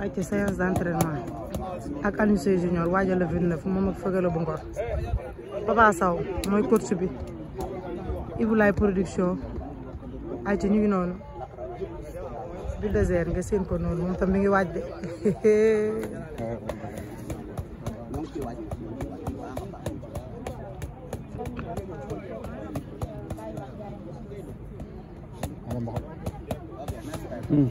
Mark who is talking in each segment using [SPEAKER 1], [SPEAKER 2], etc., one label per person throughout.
[SPEAKER 1] ayca séance d'entraînement ak Alioune Seye junior waajal la 29 moom ak o bu Ngor Papa Sow mooy coach bi Iboulaye production ayca ñu ngi noonu du désert nga seen ko noonu moom tam mi ngi waaj de Mm.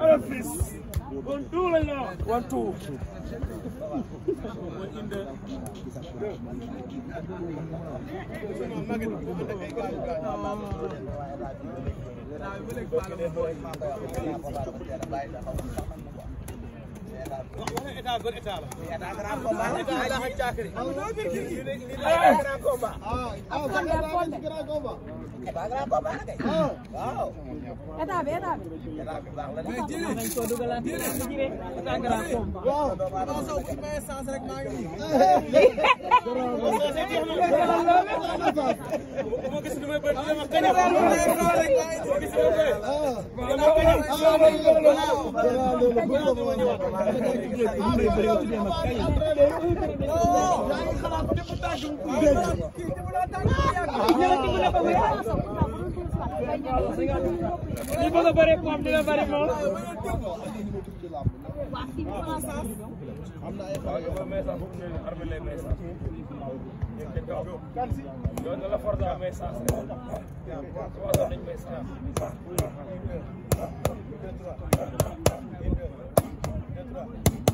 [SPEAKER 1] ala fils one two lañ la wax one two état ban état la. état la ak caakiri. lii lay lii lay grand combat. ah grand combat. ah grand combat kay. waaw. état bi état bi. état bi baax la de. mais jëlee jëlee état grand combat. waaw. non soo ko mayee sens rek maa ngi nii. gis lu may bëri dama kañ. gis lu may bëri. mbir yu bëri nga tuddee mag kay. ñu bëgg a bëri moom di nga bëri moom. Thank you.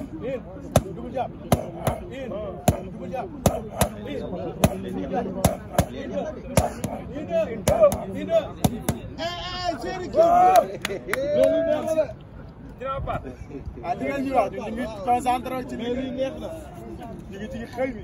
[SPEAKER 1] ah di ngeen ñu wax ñu ngi concentré ci lii neex na ñu ngi ci xëy bi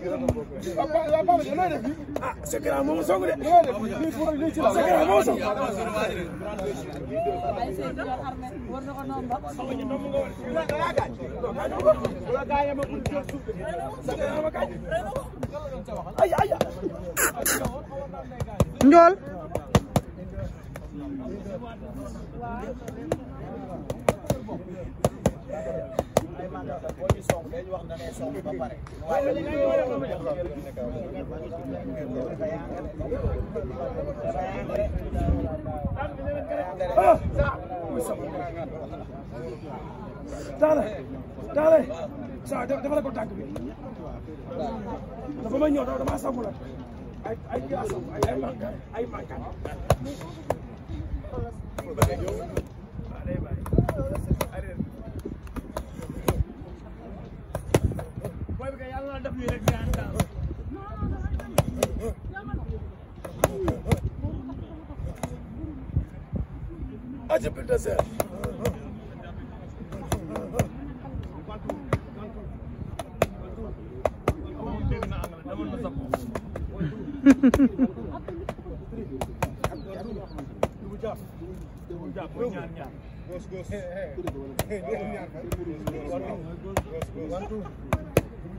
[SPEAKER 1] ah Seckira moomu song de. Seckira moomu song. Njool. daale daale saa dafa la ko tànk bi dafa may ñëw dafa maa sàmm la ay ay gaasam ay ay mankaan ay mankaan ay a lot of weird grand dance. अच्छा बेटा sir Goes, goes. Hey, hey. Hey, hey. Goes, goes. One, two. Goes, goes. One, two.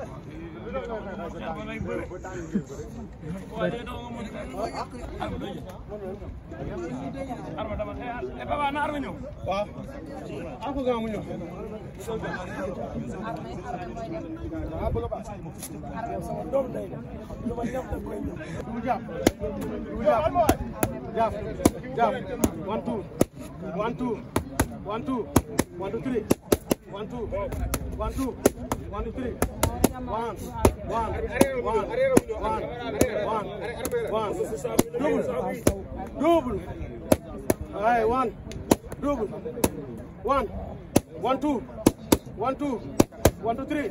[SPEAKER 1] One, two, one, two, one, two, one, two, three. One, two. One, two. One, three. One, one, one, one, one, one. Double. Double. All right, one. Double. One. One, two. One, two. One, two, three.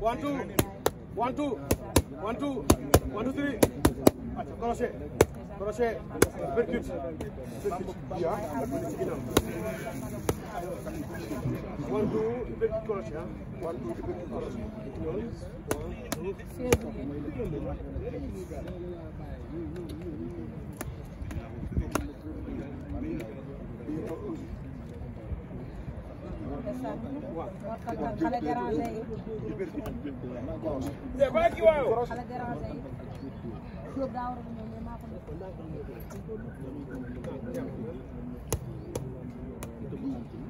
[SPEAKER 1] One, two. One, two. One, two. One, two, three. Crochet. Crochet. Percute. Percute. Yeah. One, two, you break cross, yeah? One, two, you break cross. Thank you.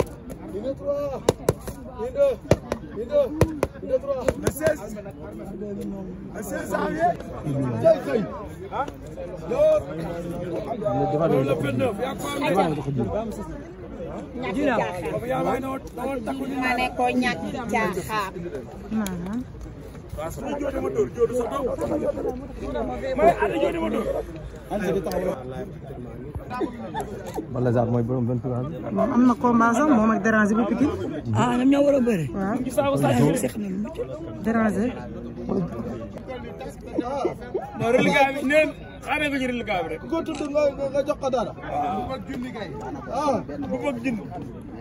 [SPEAKER 1] Hindu tua. Hindu. Hindu. Hindu tua. Assess. Assess aye. Jai jai. Hah? Yo. Dua dua. Dua dua. Dua dua. Dua dua. Jangan, mana konyak jahat? Mana? Jodoh motor, jodoh satu. Mana ada jodoh motor? Anjay, kita tahu. Balla Gaye mooy borom 23 bi. moom am na combat sax moom ak déranger bu Pikine. ah ñoom ñoo war a bëre. waaw déranger. non reliquat bi neen xaaral ko ci reliquat bi rek. ku ko tudd nga jox ko dara. Ah, bu bëgg junni kay. ah bu bëgg junni.